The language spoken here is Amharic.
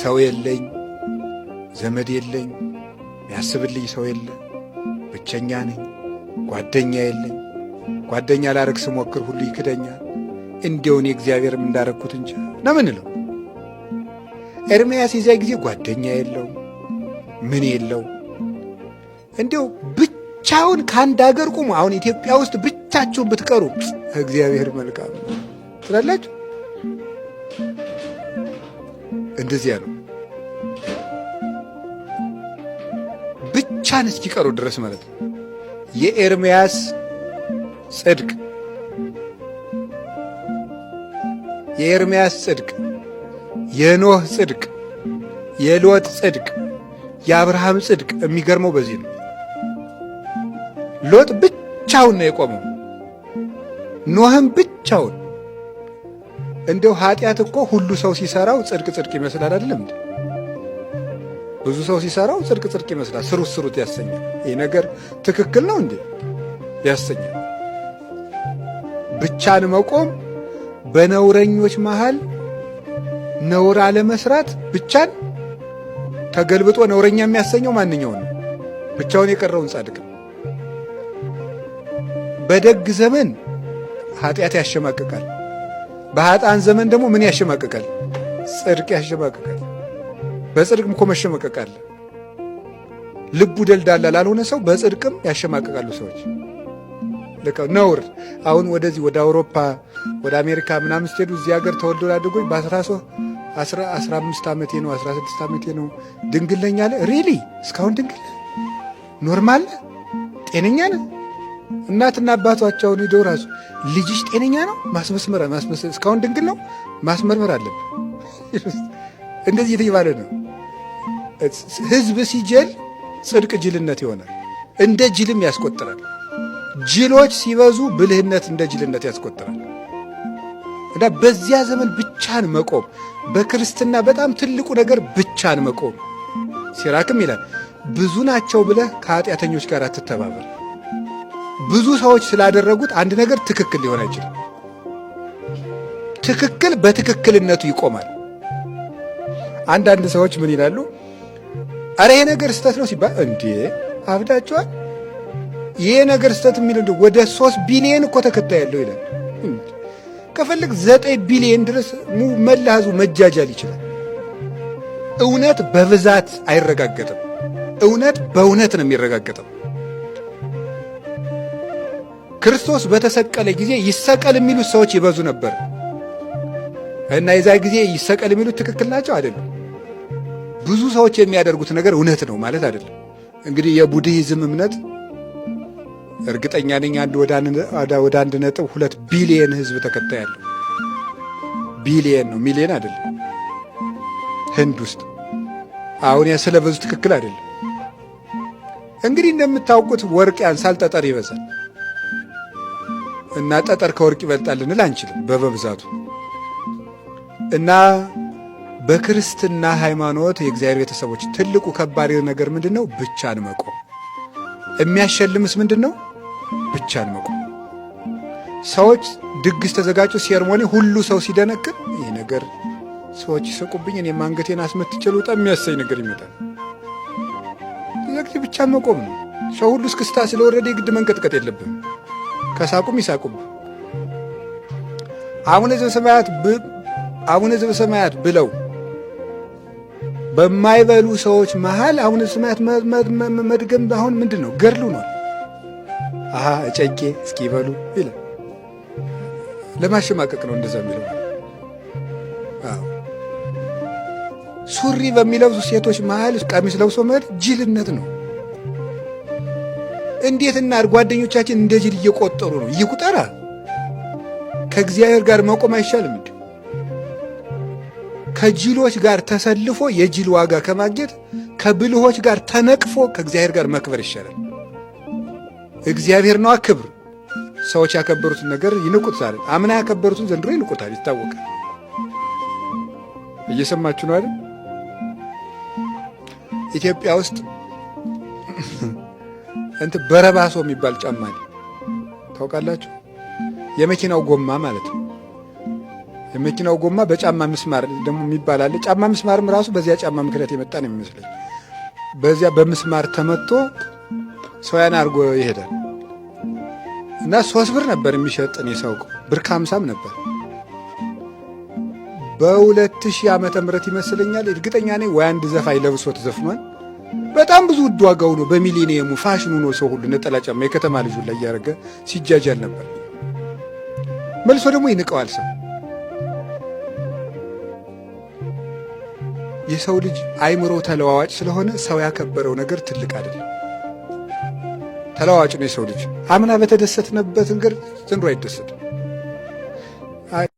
ሰው የለኝ፣ ዘመድ የለኝ፣ የሚያስብልኝ ሰው የለ፣ ብቸኛ ነኝ፣ ጓደኛ የለኝ። ጓደኛ ላረግ ስሞክር ሁሉ ይክደኛል። እንዲውን የእግዚአብሔርም እንዳረግኩት እንጂ ነው ኤርምያስ የዚያ ጊዜ ጓደኛ የለው ምን የለው እንዲው ብቻውን ከአንድ አገር ቁሙ። አሁን ኢትዮጵያ ውስጥ ብቻችሁን ብትቀሩ እግዚአብሔር መልካም ትላላችሁ። እንደዚህ ያለው ብቻን እስኪቀሩ ድረስ ማለት ነው። የኤርምያስ ጽድቅ የኤርምያስ ጽድቅ፣ የኖህ ጽድቅ፣ የሎጥ ጽድቅ፣ የአብርሃም ጽድቅ የሚገርመው በዚህ ነው። ሎጥ ብቻውን ነው የቆመው። ኖህም ብቻውን እንደው ኃጢአት እኮ ሁሉ ሰው ሲሰራው ጽድቅ ጽድቅ ይመስላል አይደለም ብዙ ሰው ሲሰራው ጽድቅ ጽድቅ ይመስላል፣ ስሩት ስሩት ያሰኛል። ይህ ነገር ትክክል ነው እንዴ ያሰኛል። ብቻን መቆም በነውረኞች መሃል ነውር አለመስራት ብቻን ተገልብጦ ነውረኛ የሚያሰኘው ማንኛው ነው? ብቻውን የቀረውን ጻድቅ ነው። በደግ ዘመን ኃጢአት ያሸማቅቃል። በኃጥአን ዘመን ደግሞ ምን ያሸማቅቃል? ጽድቅ ያሸማቅቃል። በጽድቅም እኮ መሸማቀቅ አለ። ልቡ ደልዳላ ላልሆነ ሰው በጽድቅም ያሸማቅቃሉ ሰዎች። ልቀ ነውር። አሁን ወደዚህ ወደ አውሮፓ ወደ አሜሪካ ምናምን ስትሄዱ እዚህ ሀገር ተወልዶ ላደጎኝ በአስራ አምስት ዓመቴ ነው አስራ ስድስት ዓመቴ ነው ድንግል ነኝ አለ። ሪሊ እስካሁን ድንግል ኖርማል ጤነኛ ነህ እናትና አባቷቸውን ሂደው ራሱ ልጅሽ ጤነኛ ነው ማስመስመር ማስመስመር እስካሁን ድንግል ነው ማስመርመር አለብን። እንደዚህ እየተባለ ነው። ህዝብ ሲጀል ጽድቅ ጅልነት ይሆናል፣ እንደ ጅልም ያስቆጥራል። ጅሎች ሲበዙ ብልህነት እንደ ጅልነት ያስቆጥራል። እና በዚያ ዘመን ብቻን መቆም በክርስትና በጣም ትልቁ ነገር ብቻን መቆም። ሲራክም ይላል ብዙ ናቸው ብለህ ከኃጢአተኞች ጋር አትተባበር። ብዙ ሰዎች ስላደረጉት አንድ ነገር ትክክል ሊሆን አይችልም። ትክክል በትክክልነቱ ይቆማል። አንዳንድ ሰዎች ምን ይላሉ? አረ ይሄ ነገር ስህተት ነው ሲባል እንዴ አብዳችኋል፣ ይሄ ነገር ስህተት የሚል ወደ ሶስት ቢሊየን እኮ ተከታይ ያለው ይላል። ከፈለግ ዘጠኝ ቢሊየን ድረስ መላህዙ መጃጃል ይችላል። እውነት በብዛት አይረጋገጥም። እውነት በእውነት ነው የሚረጋገጠው። ክርስቶስ በተሰቀለ ጊዜ ይሰቀል የሚሉት ሰዎች ይበዙ ነበር እና የዛ ጊዜ ይሰቀል የሚሉት ትክክል ናቸው አይደለም። ብዙ ሰዎች የሚያደርጉት ነገር እውነት ነው ማለት አይደለም። እንግዲህ የቡድሂዝም እምነት እርግጠኛ ነኝ ወደ አንድ ነጥብ ሁለት ቢሊየን ህዝብ ተከታይ አለው። ቢሊየን ነው ሚሊየን አይደለም። ህንድ ውስጥ አሁን ስለ በዙ ትክክል አይደለም። እንግዲህ እንደምታውቁት ወርቅ ያንሳል፣ ጠጠር ይበዛል። እና ጠጠር ከወርቅ ይበልጣል ልንል አንችልም በበብዛቱ እና በክርስትና ሃይማኖት የእግዚአብሔር ቤተሰቦች ትልቁ ከባድ ነገር ምንድን ነው? ብቻን መቆም። የሚያሸልምስ ምንድን ነው? ብቻን መቆም። ሰዎች ድግስ ተዘጋጁ፣ ሴርሞኒ ሁሉ ሰው ሲደነቅን፣ ይህ ነገር ሰዎች ይሰቁብኝ፣ እኔ ማንገቴን አስመትቼ ልውጣ የሚያሰኝ ነገር ይመጣል። ብቻን መቆም ነው። ሰው ሁሉ እስክስታ ስለወረደ የግድ መንቀጥቀጥ የለብንም። ከሳቁም ይሳቁም። አቡነ ዘበሰማያት አቡነ ዘበሰማያት ብለው በማይበሉ ሰዎች መሃል አቡነ ዘበሰማያት መድገም አሁን ምንድን ነው? ገድሉ ነው። አሀ እጨጌ እስኪ ይበሉ ይላል። ለማሸማቀቅ ነው እንደዛ የሚለው። ሱሪ በሚለብሱ ሴቶች መሀል ቀሚስ ለብሶ መሄድ ጅልነት ነው። እንዴት ጓደኞቻችን እንደ ጅል እየቆጠሩ ነው። ይቁጠራ። ከእግዚአብሔር ጋር መቆም አይሻልም? እንዲ ከጅሎች ጋር ተሰልፎ የጅል ዋጋ ከማግኘት ከብልሆች ጋር ተነቅፎ ከእግዚአብሔር ጋር መክበር ይሻላል። እግዚአብሔር ነዋ ክብር። ሰዎች ያከበሩትን ነገር ይንቁታል። አምና ያከበሩትን ዘንድሮ ይንቁታል፣ ይታወቃል። እየሰማችሁ ነው አይደል? ኢትዮጵያ ውስጥ እንትን በረባሶ የሚባል ጫማ ታውቃላችሁ? የመኪናው ጎማ ማለት ነው። የመኪናው ጎማ በጫማ ምስማር ደግሞ የሚባል አለ። ጫማ ምስማርም ራሱ በዚያ ጫማ ምክንያት የመጣ ነው የሚመስለኝ። በዚያ በምስማር ተመቶ ሰውያን አድርጎ ይሄዳል እና ሶስት ብር ነበር የሚሸጥ እኔ ሳውቀው ብር ከሀምሳም ነበር በሁለት ሺህ ዓመተ ምህረት ይመስለኛል። እርግጠኛ ነኝ ወይ አንድ ዘፋኝ ለብሶት ዘፍኗል በጣም ብዙ ውድ ዋጋው ነው። በሚሊኒየሙ ፋሽኑ ነው። ሰው ሁሉ ነጠላ ጫማ የከተማ ልጁ ላይ እያደረገ ሲጃጃል ነበር። መልሶ ደግሞ ይንቀዋል። ሰው የሰው ልጅ አይምሮ ተለዋዋጭ ስለሆነ ሰው ያከበረው ነገር ትልቅ አይደለም። ተለዋዋጭ ነው የሰው ልጅ። አምና በተደሰትነበት ነገር ዘንድሮ አይደሰትም።